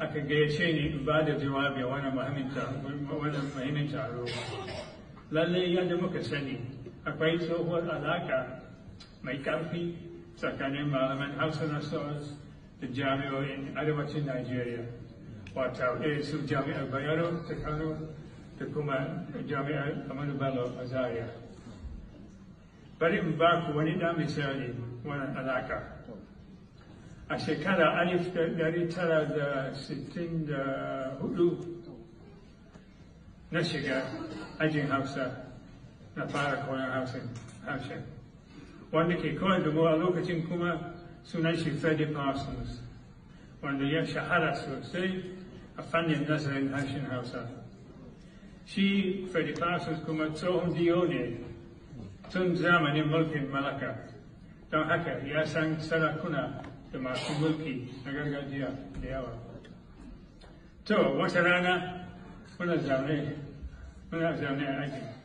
aka gayyace ni in ba da jawabi wani muhimmin taro lallai yadda muka sani akwai tsohuwar alaka mai ƙarfi tsakanin malaman hausa na stars da jami'o'in arewacin najeriya wata ɗaya su jami'ar bayero ta kano da kuma jami'ar amadu bello a zaria bari in ba ku wani ɗan misali wannan alaka a shekara alif dari tara da sittin da hudu na shiga ajin hausa na fara koyon hausa wanda ke koyar da mu a lokacin kuma sunan shi Freddy Parsons wanda ya shahara sosai a fannin nazarin harshen hausa shi Freddy Parsons kuma tsohon diyo ne tun zamanin mulkin malaka don haka ya san sarakuna masu na gargajiya da yawa to wata rana muna zaune muna there, I think.